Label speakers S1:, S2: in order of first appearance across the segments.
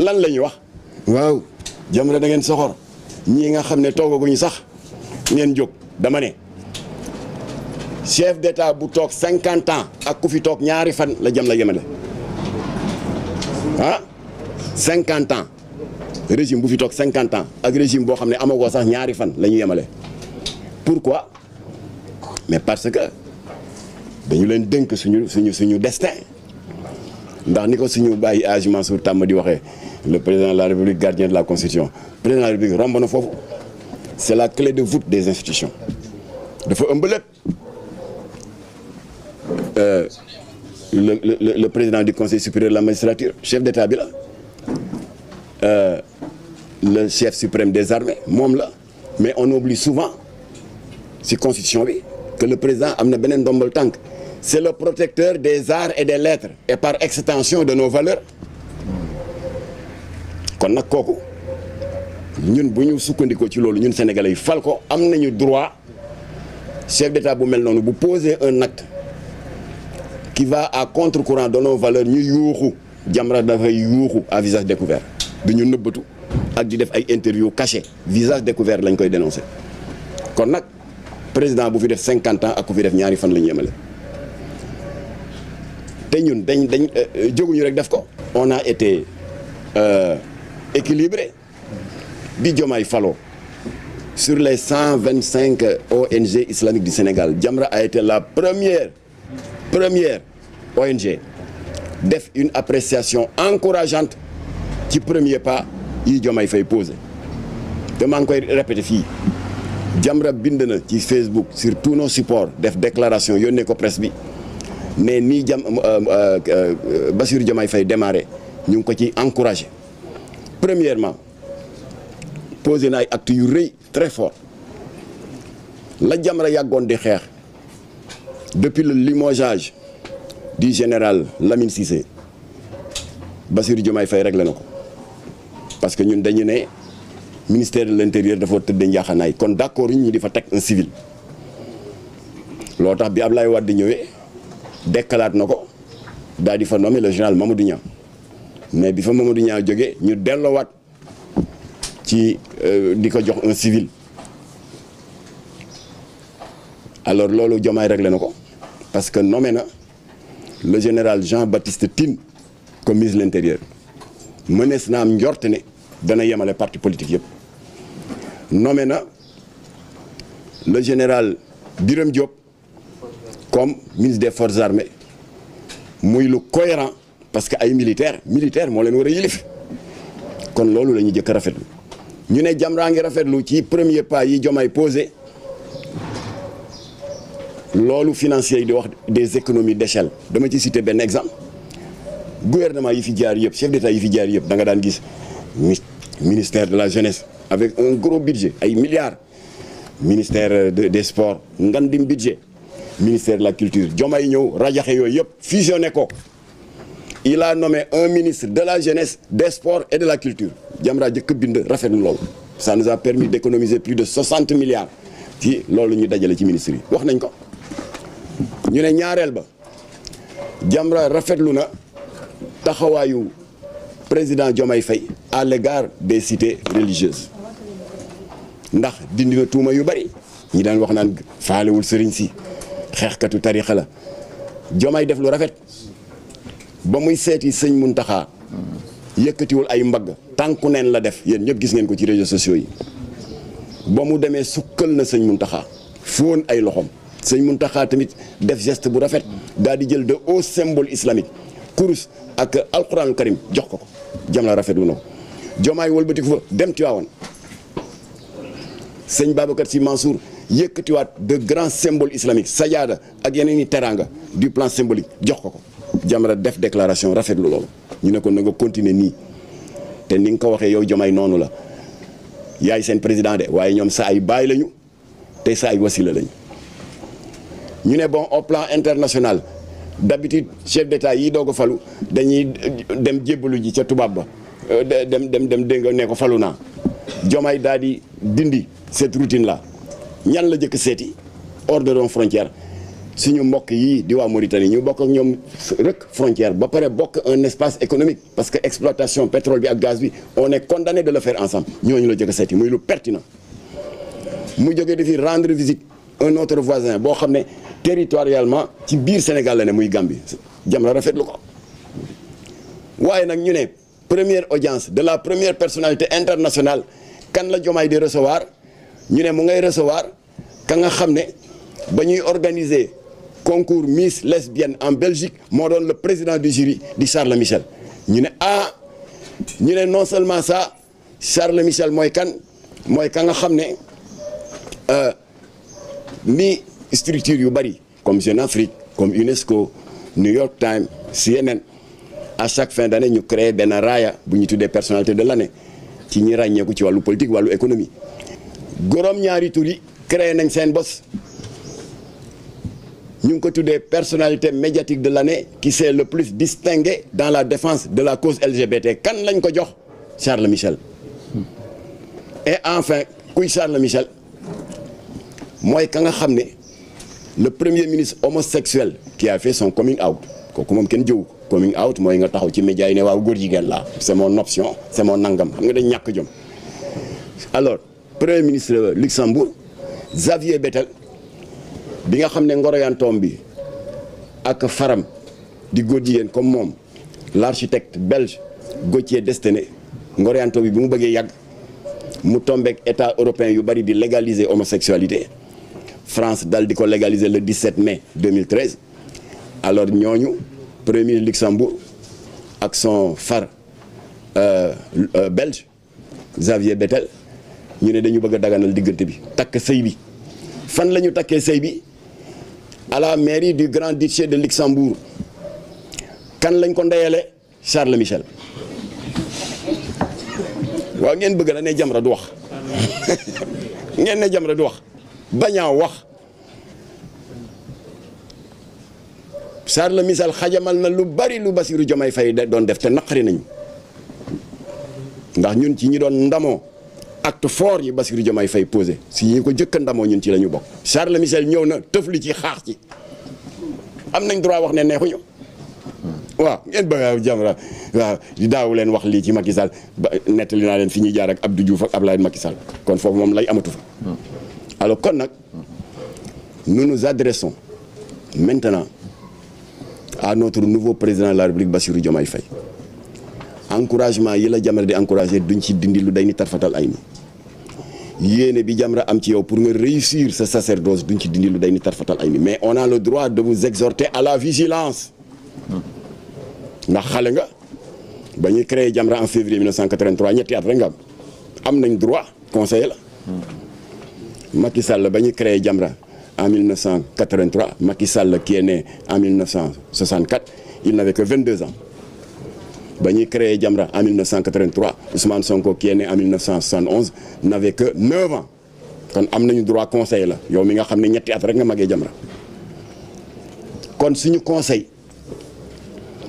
S1: lan lañ wax waw jamono da ngeen soxor ñi nga xamne ne toogaguñu sax ngeen jog dama ne chef d'état bu tok 50 ans ak ku fi tok ñaari fan la jam la yemale ah 50 ans régime bu fi tok 50 ans ak régime bo xamne amago sax ñaari fan la pourquoi mais parce que dañu leen dënk suñu suñu suñu destin ndax niko suñu baye agi Mansour tàmm di le président de la République gardien de la Constitution le président de la République Rambo c'est la clé de voûte des institutions euh, le le président du conseil supérieur de la magistrature chef d'état euh, le chef suprême des armées Momla, mais on oublie souvent la constitution oui que le président Amna Benen c'est le protecteur des arts et des lettres et par extension de nos valeurs kon nak kooku ñun buñu sukkandiko ci lolu ñun sénégalais yi fal ko am nañu droit chef d'état bu mel nonu bu poser un acte qui va à contre-courant de nos valeurs ñu yuxu Jamra da fay yuxu à visage découvert du ñu nëbbatu ak di def ay interview caché visage découvert lañ koy dénoncer kon nak président bu fi def 50 ans ak ku fi def ñaari fan lañ yémalé té ñun dañ dañ euh, jóguñu rek def ko on a été euh, équilibré bi Fallo, sur les 125 ONG islamiques du Sénégal Djamra a été la première première ONG d'une une appréciation encourageante qui premier pas yi pose. a je te maa koy répéter Jamra Facebook sur tous nos supports def déclaration yónnee ko presse mais ni jam euh, euh, euh, Bassirou Diomaye démarrer, démarré ñu ko encouragé premièrement posé un acte très fort la Jamra yàggoon di depuis le limogeage du général Lamine Sissé, Bassirou Diomaye Fay réglé na parce que ñun dañu le ministère de l'intérieur dafa de njaaxanaay kon d'accord ñu di fa teg un civil l'autre tax bi Ablaye Wade ñëwee dekkalaat na ko di nommé le général Mamadou Niang mais bi fa Mamadou Niang nous ñu ci euh, jox un civil alors lolu jomay réglé na parce que nommé le général Jean-Baptiste Tim, comme ministre de l'intérieur menace na am dana partis parti politique yépp le général Birame Diop comme ministre des forces armées muy lu cohérent parce que ay militaire militaire militaires, leen war a yilif kon loolu la ñu jëkk nous ñu ne Jamra rafetlu ci premier pas yi Diomaye posé ce financier yi di des économies d'échelle Je vais citer un exemple gouvernement yi chef d'état le ministère de la jeunesse avec un gros budget ay milliards ministère des sports ngandim budget ministère de la culture Diomaye ñëw rajaxe fusionné il a nommé un ministre de la jeunesse, des sports et de la culture. Djamra Djekubinde, Rafael Nlong. Ça nous a permis d'économiser plus de 60 milliards. qui l'ont que nous avons dit au ministre. Nous avons dit. Nous avons dit. Rafet Luna, Tahawayu, président Diomaye Faye, à l'égard des cités religieuses. ndax dindi na tuuma yu bari ñi daan wax naan faalewul sëriñ si xeexkatu tarixa la Diomaye def lu rafet ba muy seeti sëñ Muntaxa yëkkatiwul ay mbagg tànku neen la def yéen ñëpp gis ngeen ko ci régio sociaux yi ba mu demee sukkal na sëñ Muntaxa fóon ay loxoom sëñ Muntaxa tamit def geste bu rafet daal di jël de haut symbole islamique kurus ak alquranul karim jox ko ko jam la rafet wu na ko jomaay wëlbatiku fa dem Tiwaawan sëñ Babacar Sy Mansour yëkkatiwaat de grand symbole islamique sajaada ak yeneen i teraanga du plan symbolique jox ko ko Jamra def déclaration rafetlu loolu ñu ne ko na nga continuer nii te ni nga ko waxee yow Diomaye noonu la yaay seen président de waaye ñoom saa ay baay lañu te saa ay wasila lañu. ñu ne bon au plan international d'habitude chef d'état yi doog ko falu dañuy dem jébbalu ji ca tubaab ba euh, dem dem dem dégg nga ne ko falu naa Diomaye daal di dindi cette routine là ñan la jëkk seeti hors de nos Si nous sommes en Mauritanie nous frontière un espace économique parce que exploitation pétrole et gaz on est condamné de le faire ensemble Nous, la pertinent Nous rendre visite un autre voisin territorialement ci biir Sénégal la Gambie première audience de la première personnalité internationale kan la Diomaye reçu. recevoir ñu avons recevoir concours Miss lesbienne en Belgique Moi, le président du jury di Charles Michel nous sommes ah non seulement ça Charles Michel moi kan moi ka nga xam ni euh, structure yu bari, comme Jeune Afrique comme UNESCO New York Times CNN à chaque fin d'année nous créons des raaya bu ñu personnalités de l'année qui ñi ràññeeku ci wàllu politique wàllu économie gorom ñaari tuli créé nañ boss. Nous avons ko les personnalités médiatiques de l'année qui s'est le plus distingué dans la défense de la cause LGBT kan lañ ko jox Charles Michel et enfin qui Charles Michel moi ka nga xam le premier ministre homosexuel qui a fait son coming out coming out c'est mon option c'est mon nangam nga alors premier ministre de Luxembourg Xavier Bettel bi nga xamné ne bi ak faram di góor comme mom l'architecte belge Gauthier Destiné ngoroyantoom bi bimu mu yag mu tombé ak état européen yu bari di légaliser homosexualité France dal di ko légaliser le 17 mai 2013 alors ñooñu premier Luxembourg ak son phare euh, euh, belge Xavier Bettel ñu ne dañu bëgg daganal digënté bi tak sey bi fan lañu takké sey bi à la mairie du Grand Duché de Luxembourg kan lañ ko ndeyale Charles Michel waaw ngeen bëgg na ne Jamra du wax ngeen ne Jamra du wax bañaa wax Charles Michel xajamal na lu bari lu Bassirou Diomaye Faye doon def te naqari nañu ndax ñun ci ñi doon ndamoo acte fort yi Bassirou Diomaye Faye posé si ñi ko jëkk ndamoo ñun ci lañu bok bokk. Charles Michel ñëw na tëfli ci xaar ci am nañ droit wax ne neexuñu wa ngeen bëgg jàmm waaw daawu leen wax li ci Macky Sall ba nettali naa leen fi ñuy jaar ak Abdou Diouf ak Abdoulaye Macky Sall kon fofu mom lay amatu fa. alors kon nak nous nous adressons maintenant à notre nouveau président de la République Bassirou Diomaye Faye encouragement il y a di encourager duñ ci dindi lu day ni tarfatal ay ni bi Jamra am ci yow pour réussir ce sacerdoce duñ ci dindi lu mais on a le droit de vous exhorter à la vigilance ndax xalé nga bañu créer créé en février 1983 ñetti at rek nga am droit conseiller la Macky Sall en 1983 Makissal qui est né en 1964 il n'avait que 22 ans ba créé Jamra en 1983 Ousmane Sonko qui est né en 1971 n'avait que 9 ans Quand am nañu droit conseil la yow mi nga xam ne ñetti at rek nga magee Jamra kon suñu conseil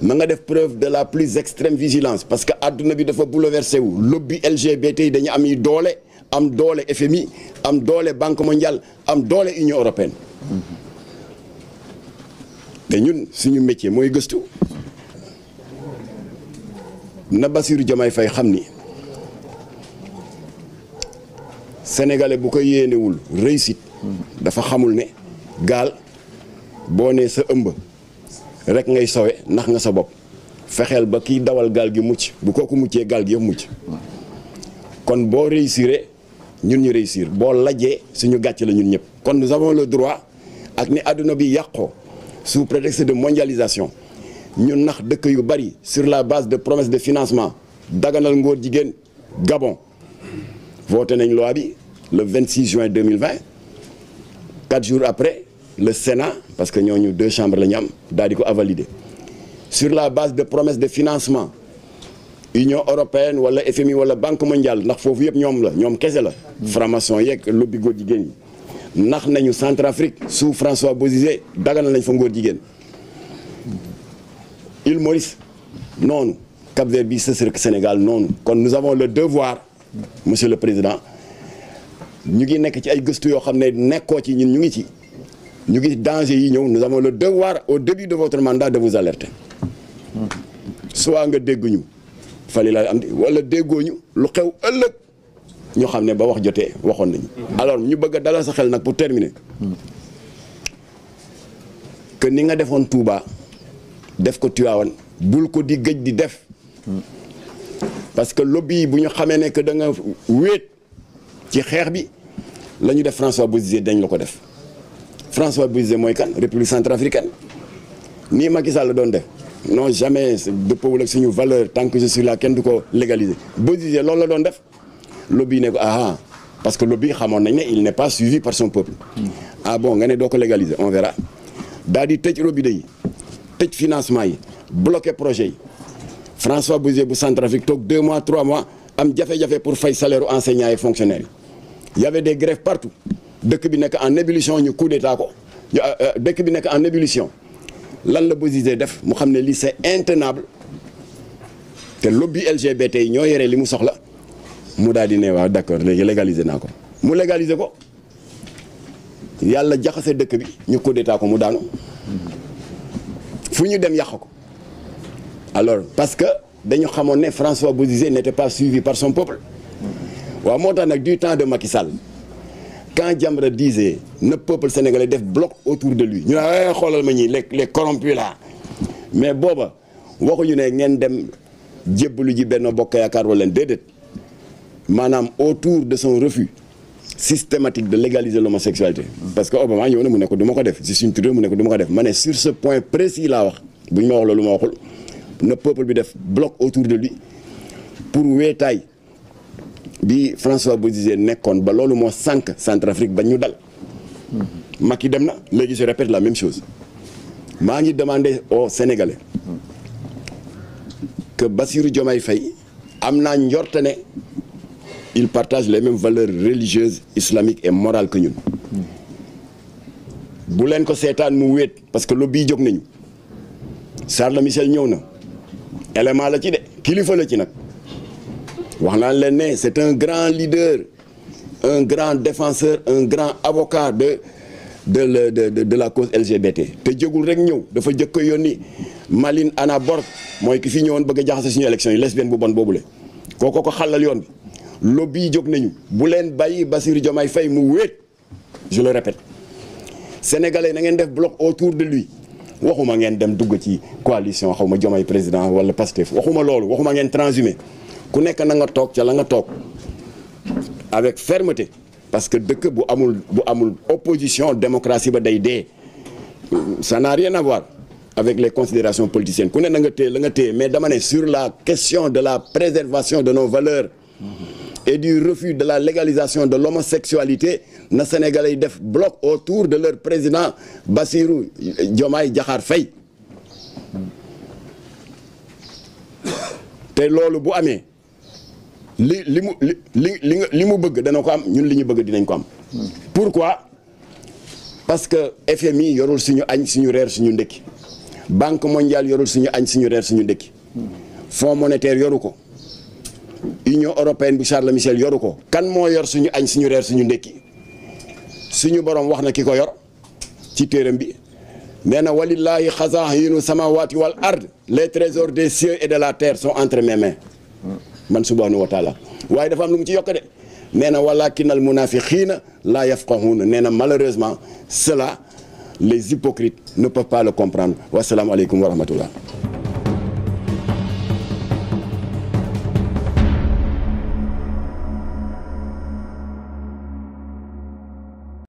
S1: ma nga def preuve de la plus extrême vigilance parce que àdduna bi dafa bouleversé wu lobby LGBT yi dañu am d'Ole, doole am FMI am d'Ole, Banque mondiale am d'Ole, Union européenne te ñun suñu métier mooy gëstu. Quand Diomaye sénégalais bu ko wul réussite dafa xamul ne gal boné sa ëmb rek ngay nax nga sa ba gi mucc bu gi mucc kon ñun ñu réussir suñu la ñun nous avons le droit ak né aduna bi sous prétexte de mondialisation nous nax dëkk bari sur la base de promesses de financement daganal Ngor jigéen Gabon voté nañ loi le 26 juin 2020 quatre jours après le Sénat parce que a deux chambres la validé. sur la base de promesses de financement Union européenne la FMI la Banque mondiale nous avons vu ñoom la ñoom quest la franc-maçon lobby góor jigéen ndax nañu Centrafrique sous François Bozizé daganal nañ fa le il Maurice non Cap Vert bi sës le Sénégal non quand nous avons le devoir monsieur le président ñu ngi nekk ci ay gëstu yoo xam ne nekkoo ci ñun ñu ngi ci ñu ngi danger yi ñëw nous avons le devoir au début de votre mandat de vous alerter soit nga dégg ñu fali la am wala déggoo ñu lu xew ëllëg ñu xam ba wax jotee waxoon nañu. alors ñu bëgg a dalal sa xel nag pour terminer que ni nga defoon Touba def ko Tiwaawan bul ko di gëj di def parce que lobby buñu xamé ñu que da nga wéet ci xeex bi lañu def François Bozizé dañ la ko def François Bozizé moy kan république centrafricaine ni Macky Sall la doon def non jamais dëppawul ak suñu valeur tant que je suis là ken du légaliser Bozizé loolu la doon def lobby ne ko ah, ah parce que lobby xamoon nañ il n'est pas suivi par son peuple ah bon nga né doko légaliser on verra dal di tëj lobby yi de financement bloqué projet François Bouzé, bu Victor, deux mois trois mois am y avait pour faire salaire aux enseignants et fonctionnaires il y avait des grèves partout de bi en ébullition ñu coup d'état ko qu'il euh, bi en ébullition lan la Bouzier def mu xam c'est intenable Le lobby LGBT il ñoo rien les mu soxla mu daal di ne légalisé d'accord Il légaliser légalisé, quoi? mu légaliser ko le jacassé de bi ñu coup d'état ko mu alors parce que François Bouzizé n'était pas suivi par son peuple du temps de Macky quand Jamra disait le peuple sénégalais def bloc autour de lui Nous avons dit les corrompus là mais bon, waxuñu dit que dem jébbalu ji benn bokk autour de son refus systématique de légaliser l'homosexualité parce que Obama il na mu ne ko du ma def si suñ tuddee mu ko du def ma sur ce point précis là wax bu peuple bi def autour de lui pour weetaay bi François Bozizé nekkoon ba loolu moo moins Centrafrique ba ñu dal. suis dem na mais je répète la même chose ma ngi demandé aux Sénégalais que Bassirou Diomaye Faye amna ñortane ils partagent les mêmes valeurs religieuses, islamiques et morales que nous. bu leen ko setan mu wet parce que lobby jóg nañu Charles Michel ñëw élément la ci dé kilifa la ci nak wax naa leen c'est un grand leader un grand défenseur un grand avocat de de la de, de, de la cause LGBT te jógul rek ñew dafa jëkk a Maline Anna Borg mooy ki fi ñëwoon bëgg a jaxase suñu élection lesbienne bu bon bobulé kooko ko xàllal yoon lobby je le répète sénégalais vous bloc autour de lui waxuma dem coalitions ci coalition président avec fermeté parce que dès que opposition démocratie ça n'a rien à voir avec les considérations politiciennes mais sur la question de la préservation de nos valeurs et du refus de la légalisation de l'homosexualité les Sénégalais bloquent def bloc autour de leur président Bassirou Diomaye Diakhar Faye te loolu bu amee li li mu li li mu bëgg ko am ñun pourquoi parce que FMI yorul suñu añ suñu reer suñu Banque mondiale yorul suñu añ suñu reer suñu ndëkki Fonds monétaire yoru union européenne bu Charles Michel yoru ko kan moo yor suñu añ suñu reer suñu ndékki suñu borom wax na ki ko yor ci téeram bi nee na walillahi sama samawati wal ard les trésors des cieux et de la terre son entre mais mais man subhanahu wa taala waaye dafa am lu mu ci yokk de nee na walakinal munafiqina la yafqahuna nee na malheureusement cela les hypocrites ne peuvent pas le comprendre wasalaamualeykum wa rahmatullah